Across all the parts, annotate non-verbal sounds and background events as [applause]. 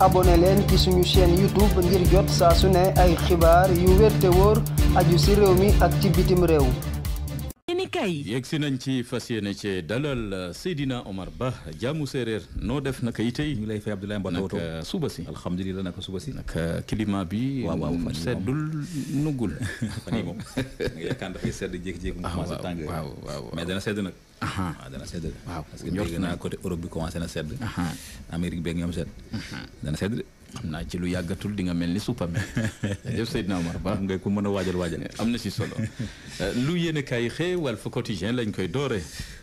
abonné leen suñu chaîne YouTube ngir jot saa su ne ay xibaar yu wér te wóor aju ci réew mi ak ci bitim réew. si nañ ci fas yéene ci dalal Seydina Omar Ba jaamu séeréer noo def na yi tey. ñu lay fay Abdoulaye Mbaye suba si. alhamdulilah naka suba si. naka climat bi. waaw waaw seddul [laughs] [laughs] sedd jékki-jékki mu ah, commencé tàng waaw waaw mais dana sedd nag waaw ah, ah. dana sedd waaw que dégg naa côté Europe bi commencé na sedd Amérique beeg ñoom sedd dana sedd de xam naa ci lu yàggatul di nga mel ni suppa bi jëf Seydina Omar Ba nga ko mën a waajal waajal am na si solo [laughs] lu yéen a kaay xëy Walf Quotidien lañ koy dooree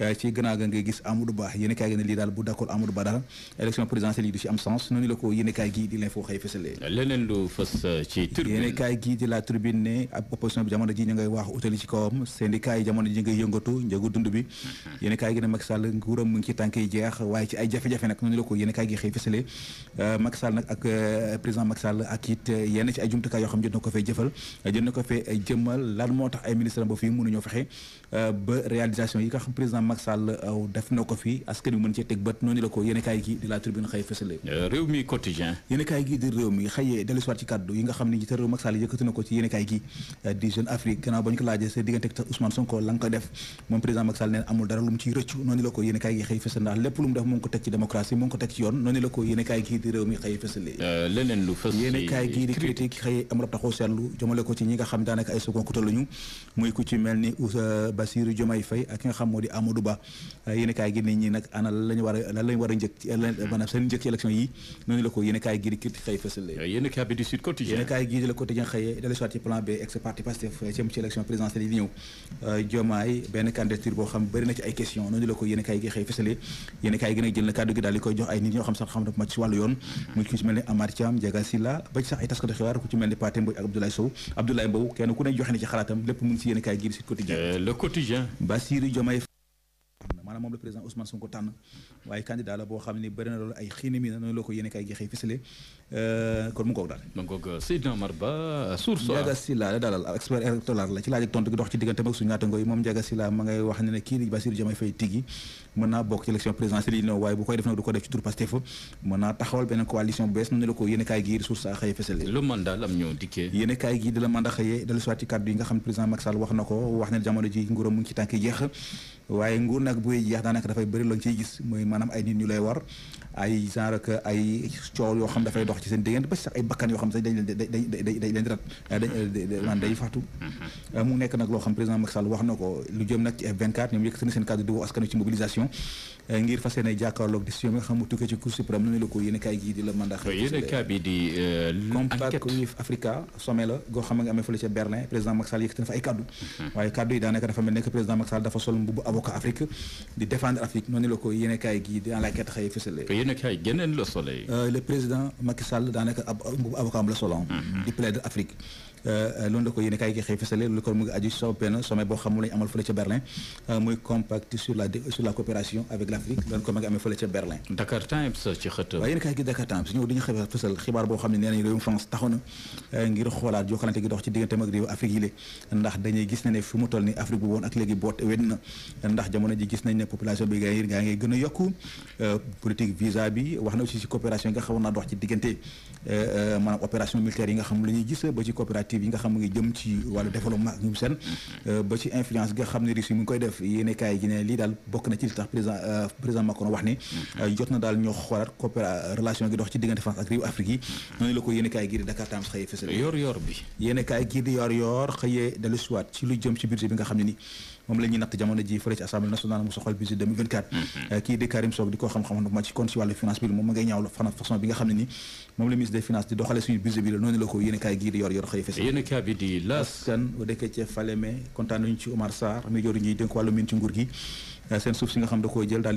Euh, ci gannaaw ga ngay gis Amadou Ba yéen kaay gi ne lii daal bu d'accord Amadou Ba daal élection présidentielle yi du ci am sens noonu la ko yéen kaay euh, di la tribune ne ab opposition bi jamono ji ngay wax utali ci kawam syndicat jamono ji ngay yëngatu njëgu dund bi mhm. yéen gi ne Macky Sall nguuram mu ci tànk jeex waaye ci ay jafe-jafe nag noonu la ko yéen gi xëy fësalee euh, Macky Sall nag ak président Macky ak it yenn ci ay jumtukaay yoo xam jot na ko fee Macky Sall euh, def noonu la ko yéen gi di réew euh, mi quotidien yéen kaay gi di yi nga xam ne jiite euh, amul dara lu mu lu mu la ko ci ñi nga xam daanaka ay second côté lañu muy ku ci mel ni Bassirou Diomaye Faye ak nga xam moo di Amadou Amadou Ba euh, yéenekaay gi ne ñi nag ana lan lañu war njëkk hmm. maanaam seen njëkk ci élection yi noonu la ko yéenekaay gi di ci plan B ex euh, euh, gi xëy jël na kàddu gi daal di koy jox ay nit ñoo xam sax xam na ma ci wàllu yoon mu ci mel ni Amar Thiam Diaga Sylla ba sax ay taskatu xibaar ku ci mel ni Pathé Mboy ak Abdoulaye Sow Abdoulaye Mbow kenn ku ne joxe na ci xalaatam lépp mu ci yéenekaay gi di Sud Quotidien Le Quotidien Bassirou Diomaye maanaam moom la président Ousmane Sonko tànn waaye candidat la boo xam ne bëri na loolu ay xiini mi na noonu la ko yéene kay gi xëy fësale euh, kon mu ngoog daal mu ngoog euh, euh, la daalal expert électoral la ci laaj ak tontu dox ci diggante ak suñu naatangooy moom Ndiaga Sylla ma ngay wax ne ne kii di Bassirou Diomaye Faye mën naa bokk ci élection présidentielle yi non waaye bu koy def nag du ko def ci tur Pastef mën naa taxawal beneen coalition bees nu la ko yéen kaay gi ressource a daal am ñëw dikkee yéen kaay gi di la mandat na ko wax ne jamono ji nguuram mu ngi ci tànk jeex waaye ay genre que ay coow yoo xam dafay dox ci seen diggante ba sax ay bakkan yoo xam sax dañ faatu mm-hmm. mu nekk nag loo xam président Macky Sall wax na ko lu jëm nag ci F24 ñoom yëkkati ci mobilisation Eh, ngir fas yéene jàkkaarloog décision bi nga xam mu tukkee ci Cour suprême ne la ko yéen a kaay gii di la mandat yéen a kaay bi di euh, compact with Africa sommet la goo xam nga amee fële ca Berlin président Macky Sall yëkkati na fa ay kaddu mhm. waaye kaddu yi daanaka dafa mel ne que président Macky dafa sol mbubbu avocat Afrique di défendre Afrique noonu la ko yéen a kaay gii di enquête xëy fësale a kaay geneen la soleil euh, le président Macky Sall daanaka avocat Euh, loolu la ko yéene kaay gi xëy fësale loolu kon mu ngi aju so benn boo xam lañu amal fële ca Berlin euh, muy compact sur la sur la coopération avec l'Afrique loolu ko ma ngi amee fële ca Berlin Dakar Times ci xët kaay gi Dakar Times ñëw dañu xëy fësal xibaar boo xam ne nee nañu réewum France taxaw na euh, ngir xoolaat jokkalante gi dox ci digganteem ak réewu Afrique yi le ndax dañuy gis ne ne fi mu toll ni Afrique bu woon ak léegi boot wéd a initiative nga xam ngi jëm ci wàllu développement ak ñoom seen euh, ba ci influence nga xam ne Russie mu ngi koy def yéene kaay ne lii daal bokk na ci li tax président euh, président Macron wax ni euh, jot na daal ñoo xoolaat coopération gi dox ci diggante France ak réew Afrique yi noonu la ko yéene kaay di Dakar Times xëyee fësal yéen a kaabi di laas askan bu dëkkee ca Falémé kontaan nañu ci Omar Sarr mi joru ñuy dénk wàllu miin ci nguur gi Euh, seen suuf si nga xam da mm-hmm. suñu gaynde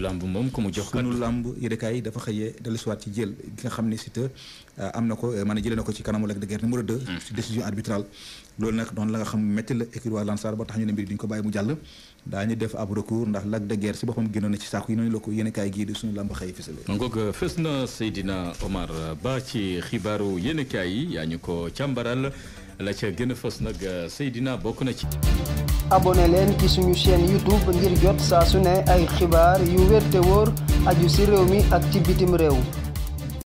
mm-hmm. euh, moom ko mu jox suñu lamb yéene dafa xëyee dellusiwaat ci jël gi nga xam ne Siteu euh, am na ko maanaam jëlee na ko ci kanamu Lac de Guiers numéro 2 2 mm. ci décision arbitrale loolu nag doon la nga xam métti la écurie waa ba tax ñu ne mbir duñ ko bàyyi mu jàll daañu def ab recours ndax Lac de Guiers boppam génnoon na ci saako la ko yéen kaay gii di suñu làmb xëy fësale ngoog fës na Seydina Omar Ba ci xibaaru yéen kaay yi yaa ñu ko càmbaral la ca gën a nag Seydina bokk na ci abonné ci suñu chaîne YouTube ngir jot saa su ay xibaar yu wér wóor aju si réew mi ak ci bitim réew